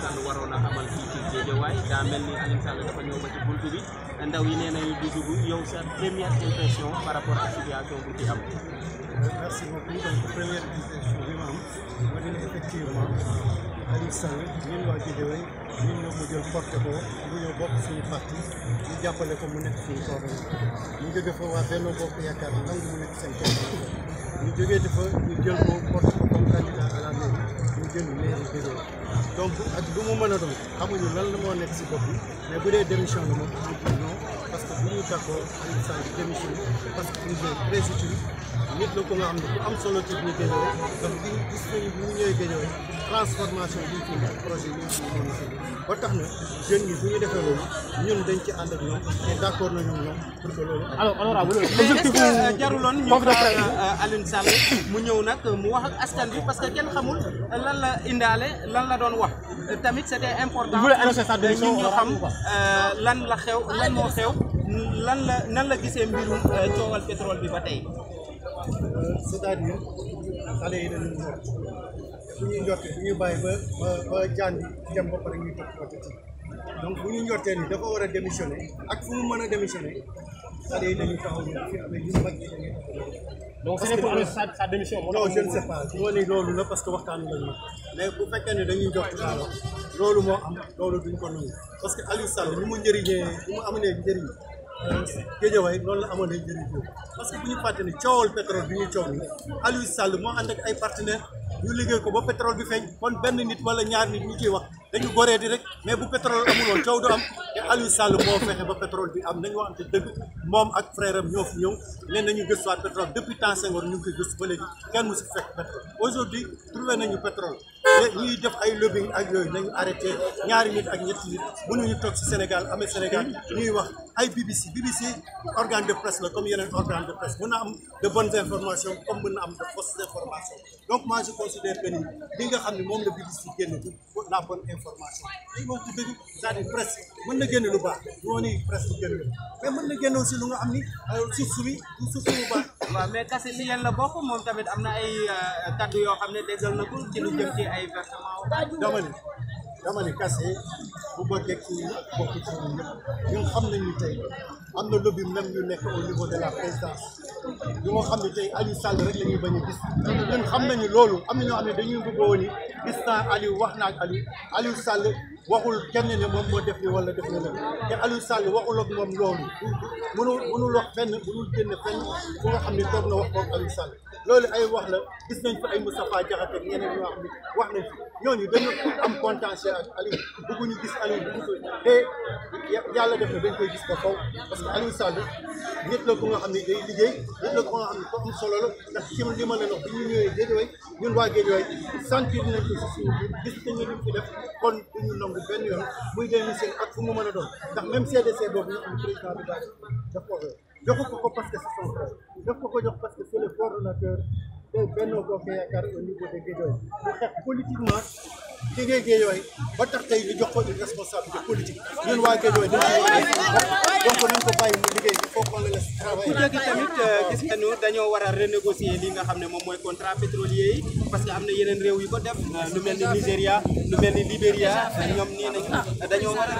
Sall waroon a amal fii ci Géejawaay daa mel ni Aliou Sall dafa ñëw ba ci buntu bi ndaw yi nee nañu di dugg yow sa première impression par rapport ak situation bu ci am. merci beaucoup donc première impression bi ma am ma ne effectivement Aliou Sall ñun waa Géejawaay ñun ñoo ko jël porté ko mu ñëw bokk suñu parti ñu jàppale ko mu nekk suñu toolam ñu jóge fa waa Benno Bokk Yaakaar nangu mu nekk seen toolam ñu jógee dafa ñu jël ko porté ko comme candidat à la mairie ñu jënd léegi déglu donc ak lu mu mën a doon xamuñu lan la moo nekk si bopp mais bu dee démission la moom en non parce que bu ñu d'accord Aliou Sall démission parce que il est président nit la ko nga xam ne bu am solo ci biir Guédiawaye donc gis nañu bu ñu ñëwee Guédiawaye transformation bi ñu fi tax na jeunes yi bu ñu defee loolu ñun dañ ci ànd ak ñoom te d' accord nañu ñoom pour que loolu. alors alors mais est jaruloon ñu xaar euh, Alioune Sall mu ñëw nag mu wax ak askan bi parce que kenn xamul lan la indaale lan la doon wax tamit c' était important. ñun ñu xam euh, lan la xew lan xew lan nan la gisee mbirum euh, coowal pétrole bi ba tey. c' est xale yi dañuy bu ñu njortee bu ñu bàyyi ba ba ba jaan bi dem ba pare ñuy topp donc bu ñu njortee ni dafa war a démissionné ak fu mu mën a démissionné xale yi dañuy taxaw ñu fi amee ñu mag yi donc c'est pour sa parce que waxtaan lañ ma mais bu dañuy njort loolu moo am loolu duñ ko nangu parce que Aliou Sall ni mu njëriñee ni mu amalee njëriñ euh, Géejawaay loolu la amalee njëriñ parce que bu ñu fàtte ne coowal ay partenaires. ñu liggéey ko ba pétrole bi feeñ kon benn nit wala ñaar nit ñu ciy wax dañu goree di rek mais bu pétrole amul coow du am te Aliou Sall moo fexe ba pétrole bi am nañu waxante dëgg moom ak frère am ñoo fi ñëw ne nañu gëstuwaat pétrole depuis temps Senghor ñu ngi koy gëstu ba léegi kenn mu si fekk pétrole aujourd'hui trouvé nañu pétrole ñuy def ay lobbying ak yooyu nañu arrêté ñaari nit ak ñetti nit mënuñu toog si Sénégal amee Sénégal ñuy wax ay BBC BBC organe de presse la comme yeneen organe de presse mën na am de bonnes informations comme mën na am de fausses informations donc moi je considère que ni li xam ne moom la BBC génn du la bonne information dañ moom ci dëgg c'est-à-dire presse na génn lu baax ñoo ni presse du génn mais mën na génn aussi lu nga xam ni suuf bi du waaw mais kase si yéen la bokk moom tamit am na ay euh, kaddu yoo xam ne déggal na ko ci lu jëm ci ay versement dama ni kase bu bokkee ci bokk ci ñun xam nañu tey am na lobby même yu nekk au niveau de la présidence yu xam ne a gis ñun xam nañu loolu am na ñoo xam ne dañuy bëggoon ni gis naa wax naa ak Aliou waxul kenn ne moom moo def ni wala def na la te Aliou Sall waxul ak moom loolu mënul mënul wax fenn mënul génn fenn fu nga xam ne toog na wax moom Aliou Sall loolu ay wax la gis nañ fi ay Moustapha Diakhaté ak ñeneen ñoo xam ne wax nañ fi ñooñu dañu am contentieux ak Aliou bëgguñu gis Aliou te yàlla def na dañ koy gis ko kaw parce que Aliou Sall nit la ko nga xam ne day liggéey nit la ko nga xam ne ko am solo la ndax ci li ma leen wax bi ñu ñëwee Géejawaay ñun waa Géejawaay sentir nañ ko si suñu biir gis nañu li fi def kon du ñu benn yoon muy génn seen ak fu mu mën a doon ndax même CDC boobu nga xam ne président bi daal daf ko jox ko ko parce que c'est son frère daf ko ko parce que c'est le coordonnateur bu xeex politiquement ki ngay Guédiawaye ba tax tey ñu jox ko une responsabilité politique ñun waa Guédiawaye dañu donc nañ euh, gis nga xam ne moom mooy contrat pétrolier na yeneen réew yu ko euh, a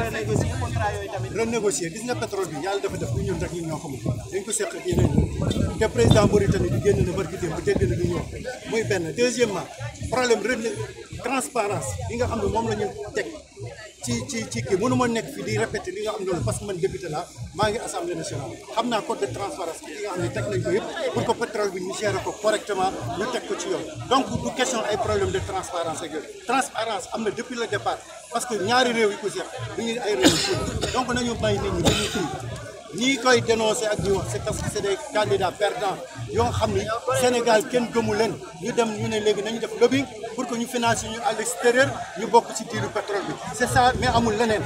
renégocier contrat yooyu tamit. renégocier gis nga pétrole bi yàlla dafa def bu ñun rek ñun ñoo ko moom dañ ko seq ak yeneen yi te président Mauritanie bi génn na barki démb dégg na li muy benn deuxièmement problème ren. transparence bi nga xam ne moom la ñu teg ci ci ci kii mënu nekk fi di répéter li nga xam ne parce que man député laa maa ngi assemblée nationale xam naa code de transparence bi nga xam ne teg nañ ko yëpp pour question ay problème de transparence ak yooyu transparence am na depuis le départ parce que ñaari réew yi ko seq du ñuy ay réew donc nañu bàyyi nit ñi dañuy kii ñii koy dénoncer ak ñi c'est parce que c'est des candidats perdants yon xam ni Sénégal kenn gëmu leen ñu dem ñu ne léegi nañu def lobbying pour que ñu financé ñu à l'extérieur ñu bokk ci diiru pétrole bi c'est ça mais amul leneen.